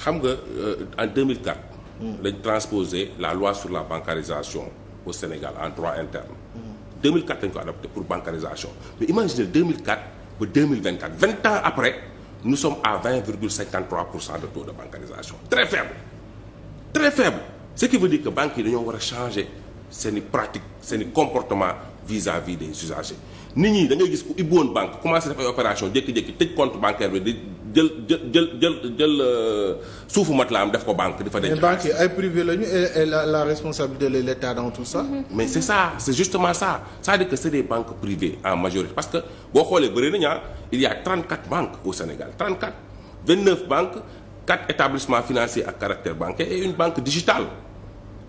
xam nga euh, en 2004. lañ transposé la loi sur la bancarisation au Sénégal en droit interne. 2004 lañ ko adopté pour bancarisation mais imaginez 2004 ba 2024 20 ans après nous sommes à 20,53 pour cent de taux de bancarisation très faible. très faible ce qui veut dire que banques yi dañoo war a changer seeni pratique seeni comportement. vis-à-vis des usagers nit ñi da ngay gis ku ubbi woon banque commencé def ay opération jékki-jékki tëj compte bancaire bi di jël jël jël jël euh, suufu matlaam def ko banque di denc. mais banque ay privé lañu et la responsabilité de l'État dans tout ça. Mm-hmm. mais c'est ça c'est justement ça c'est-à-dire que c'est des banques privées en majorité parce que boo xoolee bëri nañu ah, il y a 34 banques au Sénégal 34 29 banques 4 établissements financiers à caractère bancaire et une banque digitale.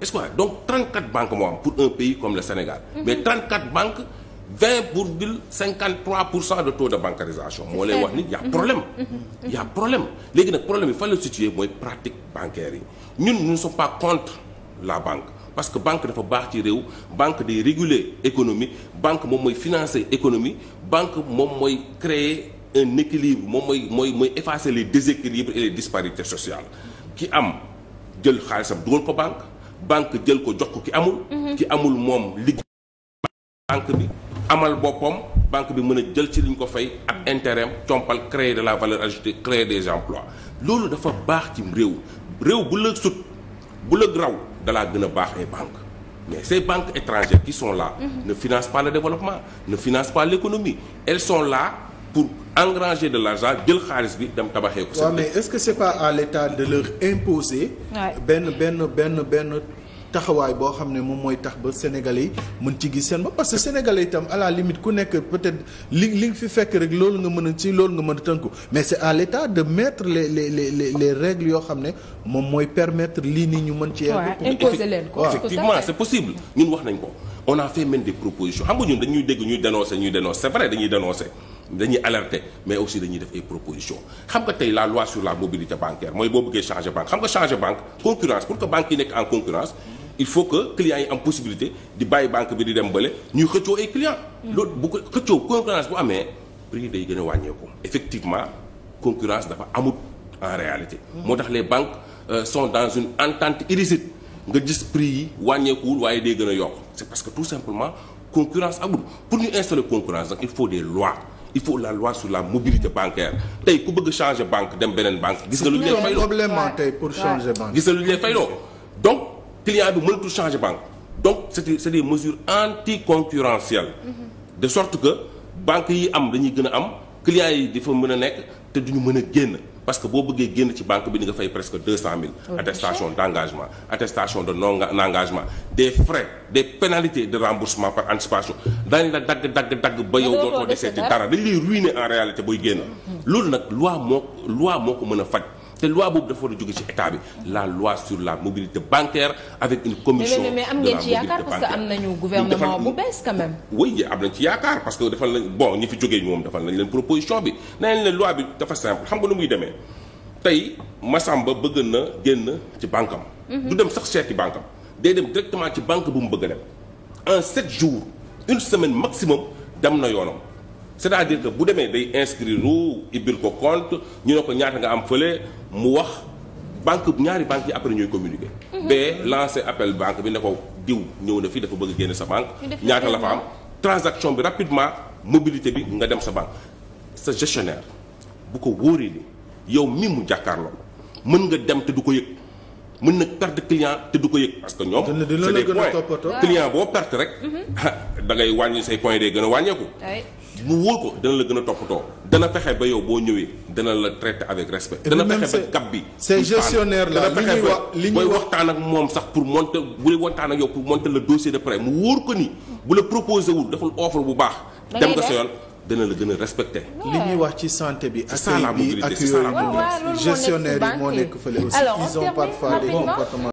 est-ce que donc 34 banque moo am pour un pays comme le Sénégal. Mhm. mais 34 banques 20 virgule 53 pour cent de taux de bancarisation. moo lay wax ni y' a mhm. problème. Mhm. y' a problème léegi nag problème bi fan la situé mooy pratique bancaire yi ñun nous ne sommes pas contre la banque. parce que banque dafa baax ci réew banque day réguler économie banque moom mooy financer économie banque moom mooy créer un équilibre moom mooy mooy mooy effacer les déséquilibres et les disparités sociales ki am jël xaalisam dugal ko banque. banque jël ko jox ko ki amul. Mhm. ki amul moom liggéey banque bi amal boppam banque bi mën a jël ci liñ ko fay ak intérêt am compal créer de la valeur ajoutée créer des emplois loolu dafa baax ci réew réew bu la sut bu la raw dalaa gën a baax ay banque mais ces banques étrangères qui sont là. Mhm. ne financent pas le développement na financent pas l'économie elles sont là pour. engranger de la l'argent jël xaalis bi dem tabaxee ko. waaw mais est-ce que c'est pas à l'État de leur imposer. benn benn benn benn taxawaay boo xam ne moom mooy tax ba sénégalais yi mën ci gis seen ba parce que sénégalais itam à la limite ku nekk peut-être li li nga fi fekk rek loolu nga mën a ci loolu nga mën a tënku mais c'est à l'État de mettre les les les yoo xam ne moom mooy permettre lii nii ñu mën ci yegg. imposer ko effectivement c'est possible ñun wax nañ ko on a fait même des propositions xam nga ñun dañuy dégg ñuy dénoncer ñuy dénoncer c'est vrai dañuy dénoncer. dañuy alerter mais aussi dañuy def ay proposition xam nga tey la loi sur la mobilité bancaire mooy boo bëggee changer banque xam nga changer banque concurrence pour que banque yi nekk en concurrence il faut que clients bàyyi banque bi di dem bële ñuy xëccoo ay clients mm. loolu ko xëccoo concurrence bu amee prix day gën a wàññeeku effectivement concurrence dafa amut en réalité mm. moo tax les banques euh, sont dans une entente illicite nga gis prix yi wàññeekuwul waaye day gën a yokk c'est parce que tout simplement concurrence amul pour ñu installer concurrence nag faut des lois il faut la loi sur la mobilité bancaire tey ku bëgg changer banque dem beneen banque. gis nga lu ñu leen fayloo problème tey pour changer banque. gis nga lu ñu leen fayloo donc client bi mënatul changer banque donc c'est c'est des mesures anticoncurrentielles. Mm-hmm. de sorte que banque yi am dañuy gën a am client yi dafa mën a nekk te duñu mën a génn. parce que boo bëggee génn ci banque bi ni nga fay presque deux cent mille oh, attestation d'engagement attestation de non engagement des frais des pénalités de remboursement par anticipation daañu la dagg dagg dagg ba yow dootoo desee ci dara dañ lay ruiner en réalité booy génn mm-hmm. loolu nag loi moo loi moo ko mën a faj te loi boobu dafa war a jóge ci état bi la loi sur la mobilité bancaire avec une commission. mais mais am ngeen ci yaakaar parce que am nañu gouvernement bu bees quand même. oui am nañ ci yaakaar parce que defal nañ bon ñu fi jógee moom defal nañ leen proposition bi nee nañ leen loi bi dafa simple xam nga nu muy demee tey ba bëgg na génn ci banque am. Mhm. du dem sax seeti banque day dem directement ci banque bu mu bëgg a dem en sept jours une semaine maximum dem na yoonam. c'est-à-dire que bu demee day inscrire ru ibbil ko compte ñu ne ko ñaata nga am fële mu wax banque ñaari banque yi après ñooy communiquer. Mhm. ba lancé appel banque bi ne ko diw ñëw na fii dafa bëgg a génne sa banque. ñaata la fa am transaction bi rapidement mobilité bi nga dem sa banque. sa gestionnaire bu ko wóoree ni yow mi mu jàkkaarloo mën nga dem te du ko yëg. mën na perte client te du ko yëg parce que ñoom c'est des points client boo perte rek mhm. da ngay wàññi say points day gën a wàññeeku mu wóor ko dana la gën a toppatoo dana fexe ba yow boo ñëwee dana la traiter avec respect. dana fexe ba cap bi. ces gestionnaires là li ñuy wax li ñuy waxtaan ak moom sax pour monter bu lay waxtaan ak yow pour monter le dossier de près mu wóor ko ni bu la proposé wul deful offre bu baax. dem nga sa yoon dana la gën a respecté. li ñuy wax ci santé bi. accueil bi ak yooyu gestionnaire yi moo nekk fële aussi ils ont parfois des comportements